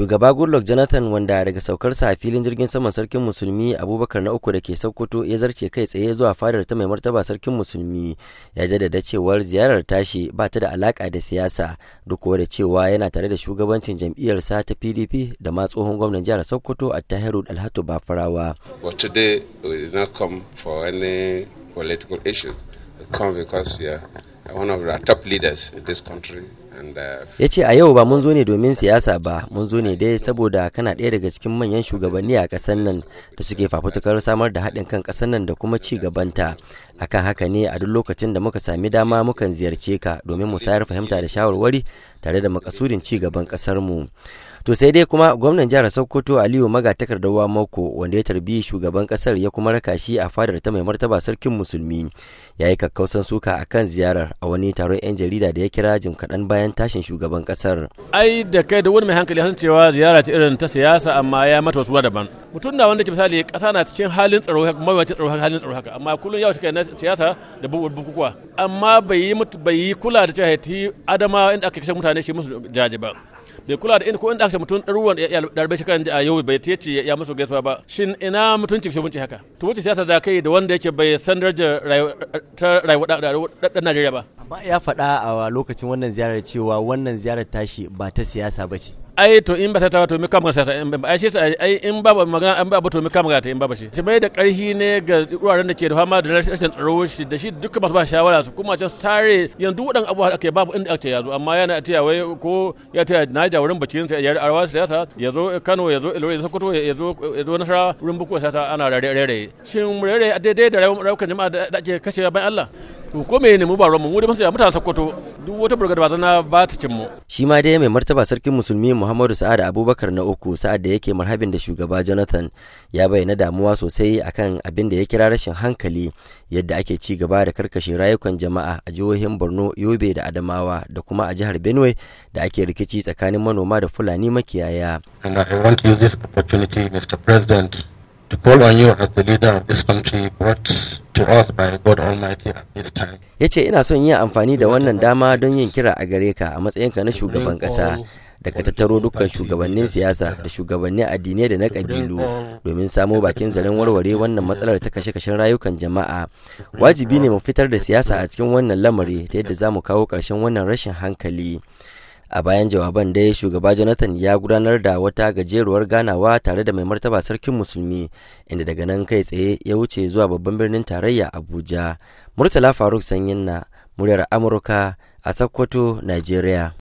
shugaba goodluck jonathan wanda daga saukarsa a filin jirgin saman sarkin musulmi abubakar na uku da ke sokoto ya zarce kai tsaye zuwa fadar ta mai martaba sarkin musulmi ya jaddada cewar ziyarar tashi ba ta da alaka da siyasa duk da cewa yana tare da shugabancin jam'iyyarsa ta pdp da ma tsohon gwamnan jihar sokoto a tahiru alhatu bafarawa political one of our top leaders in this country Uh, ya ce a yau ba mun zo ne domin siyasa ba mun zo ne dai saboda kana ɗaya daga cikin manyan shugabanni a ƙasar nan da suke fafutukar samar da haɗin kan ƙasar nan da kuma ci gabanta akan haka ne a duk lokacin da muka sami dama mukan ziyarce ka domin mu sayar fahimta da shawarwari tare da makasudin ci gaban ƙasar mu to sai dai kuma gwamnan jihar sokoto aliyu maga takardawa mako wanda ya tarbi shugaban kasar ya kuma raka shi a fadar ta mai martaba sarkin musulmi ya yi kakkausan suka akan ziyarar a wani taron 'yan jarida da ya kira jim kaɗan bayan bayan tashin shugaban kasar. Ai da kai da wani mai hankali san cewa ziyara ce irin ta siyasa amma ya mata wasu daban. Mutum na wanda ke misali kasa na cikin halin tsaro haka wace tsaro haka halin tsaro haka amma kullum kai na siyasa da bukukuwa amma bai yi kula da cewa adama inda aka kashe mutane shi musu jaji ba. bai kula da inda ko inda aka mutum ɗaruruwan ɗarbe shi kan a yau bai ce ya musu gaisuwa ba shin ina mutunci shugunci haka to wuce siyasa da kai da wanda yake bai san darajar rayuwa ɗan Najeriya ba. Amma ya faɗa a lokacin wannan ziyarar cewa wannan ziyarar tashi ba ta siyasa ba ce. ai to in ba sai ta to mi kamar sai ai shi ai in ba magana an ba to mi kamar ta in ba ba shi mai da karhi ne ga wuraren da ke da fama da rashin tsaro shi da shi duka masu ba shawara su kuma just tare yanzu wadan abuwa da ake babu inda ake yazo amma yana tiya wai ko ya tiya ja wurin bakin sai ya arwa siyasa yazo Kano yazo Ilori yazo Sokoto yazo yazo Nasara wurin buku siyasa ana rare rare shin rare a daidai da rayuwar jama'a da ake kashe bayan Allah to ko me ne mu ba mu mu da mutane Sokoto duk wata bazana ba ta cin shi ma dai mai martaba sarkin musulmi Muhammadu Sa'ad Abubakar na uku sa'ad da yake marhabin da shugaba Jonathan ya bayyana damuwa sosai akan abin da ya kira rashin hankali yadda ake ci gaba da karkashe rayukan jama'a a jihohin Borno Yobe da Adamawa da kuma a jihar Benue da ake rikici tsakanin manoma da Fulani makiyaya and I want to use this opportunity Mr President to call on you as the leader of this country brought to us by God Almighty at this time. Ya ce ina son yin amfani da wannan dama don yin kira a gare ka a matsayinka na shugaban kasa da ka tattaro dukkan shugabannin siyasa da shugabannin addinai da na kabilu domin samo bakin zaren warware wannan matsalar ta kashe-kashen rayukan jama'a. Wajibi ne mu fitar da siyasa a cikin wannan lamari ta yadda za mu kawo ƙarshen wannan rashin hankali. a bayan jawaban dai shugaba jonathan ya gudanar da wata gajeruwar ganawa tare da mai martaba sarkin musulmi inda daga nan kai tsaye ya wuce zuwa babban birnin tarayya abuja murtala faruk sanyin na muryar amurka a sokoto nigeria